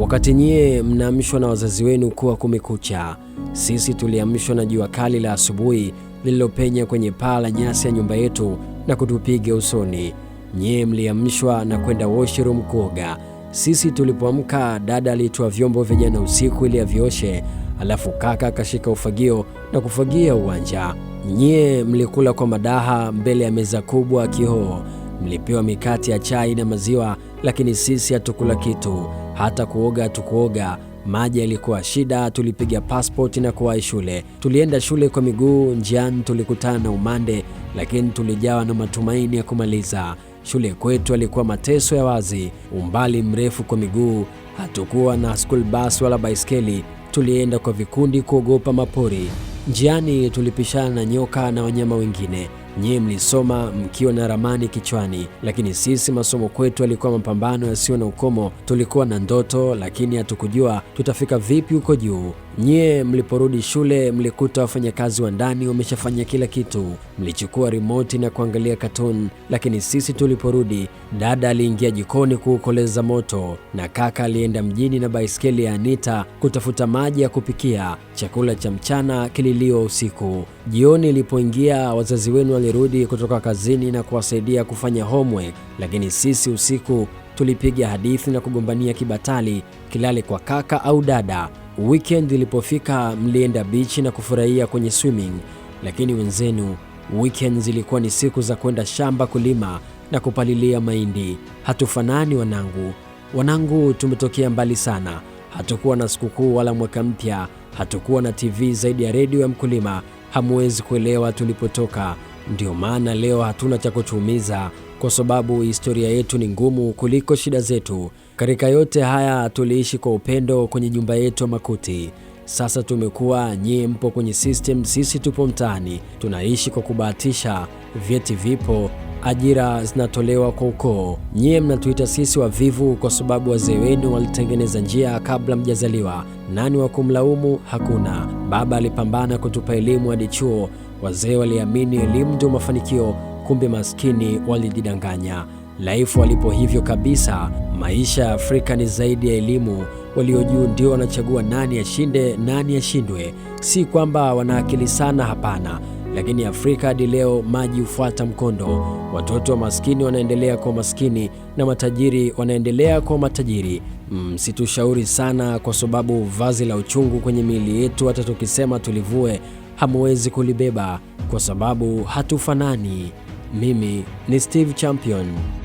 Wakati nyie mnaamshwa na wazazi wenu kuwa kumekucha, sisi tuliamshwa na jua kali la asubuhi lililopenya kwenye paa la nyasi ya nyumba yetu na kutupiga usoni. Nyie mliamshwa na kwenda washroom kuoga. Sisi tulipoamka, dada alitoa vyombo vya jana usiku ili avioshe, alafu kaka akashika ufagio na kufagia uwanja. Nyie mlikula kwa madaha mbele ya meza kubwa kioo mlipewa mikate ya chai na maziwa, lakini sisi hatukula kitu, hata kuoga hatukuoga. Maji yalikuwa shida, tulipiga pasipoti na kuwahi shule. Tulienda shule kwa miguu, njiani tulikutana na umande, lakini tulijawa na matumaini ya kumaliza shule. Kwetu alikuwa mateso ya wazi, umbali mrefu kwa miguu, hatukuwa na school bus wala baiskeli. Tulienda kwa vikundi kuogopa mapori. Njiani tulipishana na nyoka na wanyama wengine. Nyie mlisoma mkiwa na ramani kichwani, lakini sisi masomo kwetu yalikuwa mapambano yasiyo na ukomo. Tulikuwa na ndoto, lakini hatukujua tutafika vipi huko juu. Nyie mliporudi shule mlikuta wafanyakazi wa ndani wameshafanya kila kitu, mlichukua rimoti na kuangalia katun lakini sisi tuliporudi, dada aliingia jikoni kuukoleza moto na kaka alienda mjini na baiskeli ya Anita kutafuta maji ya kupikia. Chakula cha mchana kililio usiku. Jioni ilipoingia, wazazi wenu walirudi kutoka kazini na kuwasaidia kufanya homework, lakini sisi usiku tulipiga hadithi na kugombania kibatali kilale kwa kaka au dada. Weekend ilipofika mlienda beach na kufurahia kwenye swimming, lakini wenzenu weekend zilikuwa ni siku za kwenda shamba kulima na kupalilia mahindi. Hatufanani wanangu, wanangu, tumetokea mbali sana. Hatukuwa na sikukuu wala mwaka mpya, hatukuwa na TV zaidi ya redio ya mkulima. Hamuwezi kuelewa tulipotoka ndio maana leo hatuna cha kutuumiza, kwa sababu historia yetu ni ngumu kuliko shida zetu. Katika yote haya tuliishi kwa upendo kwenye nyumba yetu ya makuti. Sasa tumekuwa nyie mpo kwenye system, sisi tupo mtaani, tunaishi kwa kubahatisha. Vyeti vipo, ajira zinatolewa kwa ukoo. Nyie mnatuita sisi wavivu kwa sababu wazee wenu walitengeneza njia kabla mjazaliwa. Nani wa kumlaumu? Hakuna. Baba alipambana kutupa elimu hadi chuo Wazee waliamini elimu ndio mafanikio, kumbe maskini walijidanganya. Laifu walipo hivyo kabisa. Maisha ya Afrika ni zaidi ya elimu. Walio juu ndio wanachagua nani ashinde, nani ashindwe. Si kwamba wanaakili sana, hapana. Lakini Afrika hadi leo maji hufuata mkondo. Watoto wa maskini wanaendelea kwa maskini na matajiri wanaendelea kwa matajiri. Msitushauri mm, sana kwa sababu vazi la uchungu kwenye miili yetu hata tukisema tulivue hamwezi kulibeba kwa sababu hatufanani. Mimi ni Steve Champion.